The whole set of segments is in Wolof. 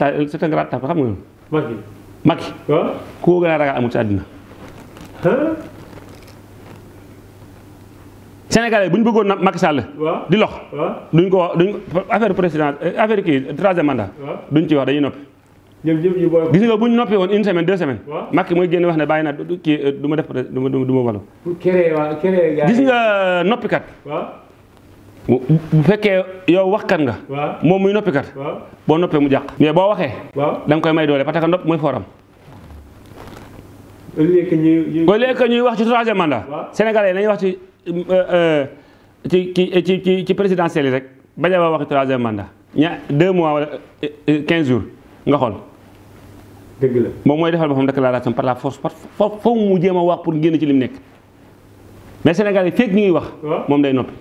c'est un grand tape xam a ragal amul ci àddina. Sénégalais bu ñu bëggoon na Macky Sall. di lox. duñ ko wax duñ affaire président affaire kii troisième mandat. duñ ci wax dañuy noppi. gis nga bu ñu noppi woon une semaine deux semaines. Macky mooy génn wax ne bàyyi naa kii du ma def du ma du ma wàllu. gis nga noppikat. bu fekkee yow waxkat nga. moom muy noppikat. boo noppee mu jàq. mais boo waxee. da nga koy may doole parce que nopp mooy foram. au lieu que ñuy wax ci troisième mandat. Sénégalais nañuy wax euh, euh, ci ci ci ci ci présidentiel yi rek bañ a wax ci troisième mandat ña deux mois wala euh, quinze jours nga xool. dëgg la moom mooy defal boppam déclaration par la force par fo mu jéem a wax pour génn ci li mu nekk mais Sénégalais fekk ñu ngi wax. moom day noppi.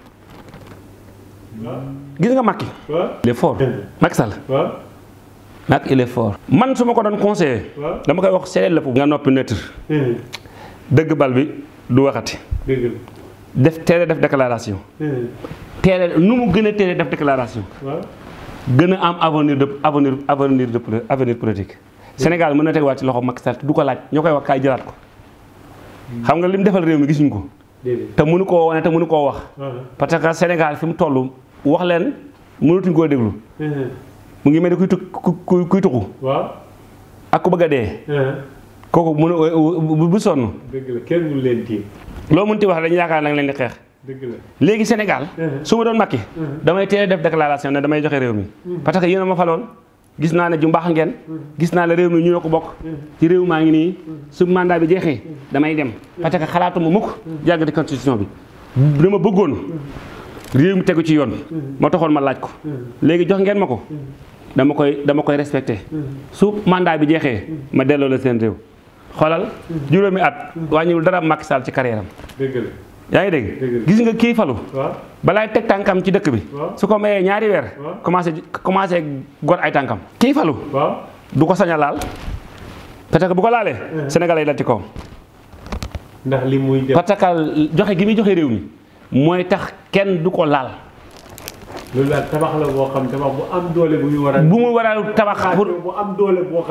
gis nga Macky. il est fort Macky Sall. Macky il est fort. man su ma ko doon conseillé. dama koy wax seedeel la nga noppi neutre. dëgg bal bi du waxati. def teel def déclaration. teel nu mu gën a teel def déclaration. gën a am avenir de avenir avenir de avenir politique. senegal mën na teg waat ci loxo Macky Sall du ko laaj ñoo koy wax kaay jëlaat ko. xam nga lim defal réew mi gisuñ ko. te mënu koo wane te mënu koo wax. parce que Sénégal fi mu toll wax leen mënatuñ koo déglu. mu ngi mel ni kuy tukk kuy kuy tuxu. waaw ak ku bëgg a dee. kooku mënu bu sonn. dëgg la kenn mënu leen tiim. loo mënti wax dañu yaakaar nag nga leen di xeex. dëgg léegi Sénégal. su ma doon Macky. damay teel def déclaration ne damay joxe réew mi. parce que yéen ma faloon. gis naa ne ju mbaax ngeen gis naa ne réew mi ñu ñoo ko bokk ci réew maa ngi nii su mandat bi jeexee damay dem parce que xalaatuma mukk jàggati constitution bi dama bëggoon réew mi tegu ci yoon ma taxoon ma laaj ko léegi jox ngeen ma ko dama koy dama koy respecté su mandat bi jeexee ma delloo la seen réew xoolal juróomi at wàññiwul dara Macky Sall ci carrière yaa ngi dégg gis nga kiifalu falu balaay teg tànkam ci dëkk bi su ko mayee ñaari weer commencé commencé gor ay tànkam kii falu du ko sañ laal parce que bu ko laalee eh. sénégalais yi dal ci ndax li muy def joxe gi muy joxe réew mi mooy tax kenn du ko laal loolu daal xam tabax bu am doole bu ñu war bu mu war tabax bu doole boo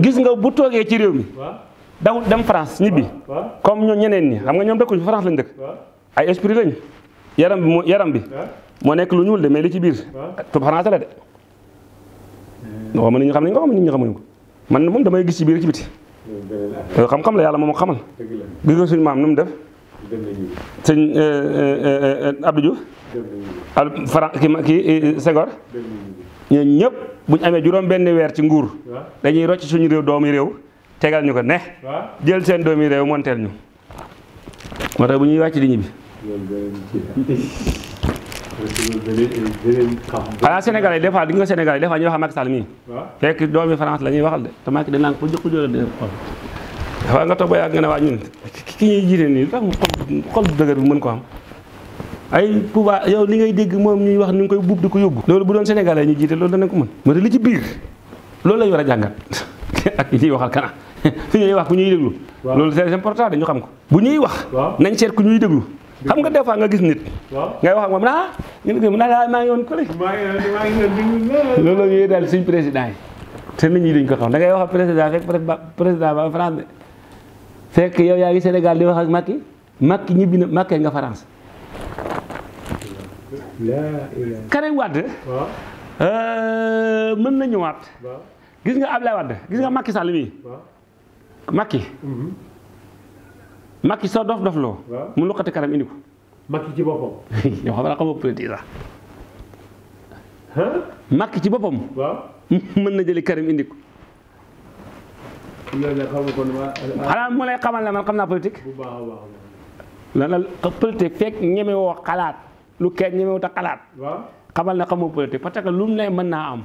gis nga bu toogee ci réew mi dawul dem France ñibbi comme ñoo ñeneen ñi xam nga ñoom dëkkuñu France lañ dëkk ay esprit lañ yaram bi moo yaram bi moo nekk lu ñuul de mais li ci biir tub xanaate la de waxuma xam nañ ko waxuma nit ñi xamuñu ko moom damay gis ci biir ci biti loolu xam-xam la yàlla moom xamal gis nga suñu maam nu mu def sëñ euh, euh, euh, Abdou Diouf al Fara ki kii Senghor ñooñu ñëpp buñ amee juróom benn weer ci nguur dañuy rocc suñu réew doomi réew tegal ñu ko ne jël seen doomi réew monteel ñu moo tax bu ñuy wàcc di ñibbi xanaa Sénégal yi des fois di nga Sénégal yi des fois ñuy wax Macky Sall mii fekk doomi France la ñuy waxal de te Macky dañ ko jëkk jóola de dafa nga toog ba yàgg nga ne waa ñun ki mën ko am ay pouvoir yow li ngay dégg moom ñuy wax ni nga koy buub di ko yóbbu loolu bu doon Sénégal yi ñu jiite loolu danañ ko mën moo tax li ci biir loolu lañu war a jàngat ak ñi ñuy waxal kana su ñuy wax ku ñuy déglu. loolu c'est important dañu xam ko bu ñuy wax. nañ seet ku ñuy déglu. xam nga des fois nga gis nit. ngay wax moom ah ñu ne ko ah, suñ président yi. ñi dañ ko da ngay wax ak président fekk président ba France fekk yow yaa ngi Sénégal di wax ak Macky Macky ñibbi na Macky nga France. Karim Wade. Euh, mën na ñëwaat. gis nga Ablaye Wade gis nga Macky Sall mii. Macky. Mm-hmm. Macky soo dof dof loo. mu luqati kanam indi ko. ci boppam. yow xam nga xamoo politique sax. Macky ci boppam. waaw mën na jëli Karim indi ko. xanaa mu lay xamal ne man xam naa politique. bu baax a baax la fekk ñeme woo xalaat lu kenn ñeme wut a xalaat. waaw xamal ne xamoo politique parce lu mu lay mën naa am.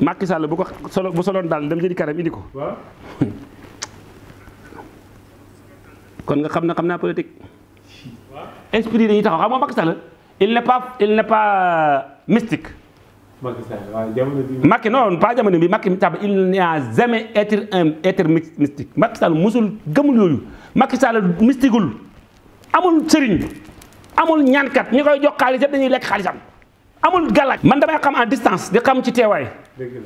Macky Sall bu ko solo bu soloon daal dem jëli Karim indi ko. kon nga xam na xam naa politique. esprit dañuy taxaw xam nga Macky Sall il n'est pas il n'est pas euh, mystique. Macky Sall jamono bi. Macky non pas jamono bi Macky musul gëmul yooyu Macky Sall mystigul amul sëriñ amul ñaankat ñi koy jox dañuy lekk xaalisam. amul galak man damay xam en distance di xam ci teewaay.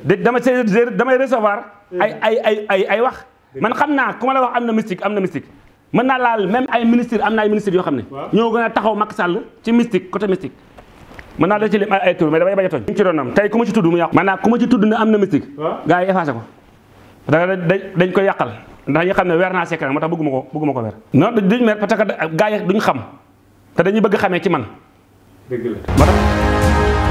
dëgg damay recevoir. ay ay ay wax. man xam naa ku ma la wax am na mystique am na mystique. mën naa laal même ay ministre am na ay ministre yoo xam ne. ñoo gën a taxaw Macky sàll ci mystique côté mystique. mën naa da ci lim ay tur mais damay bañ a tooñ. ñu tey ku ci tudd mu yàqu. maanaam ku ma ci tudd ne am na mystique. gars yi effacé ko. da dañ koy yàqal ndax ñu xam ne weer naa sekk moo tax bëgguma ko bëgguma ko weer. non duñ mer xam te bëgg xamee ci man dëgg la.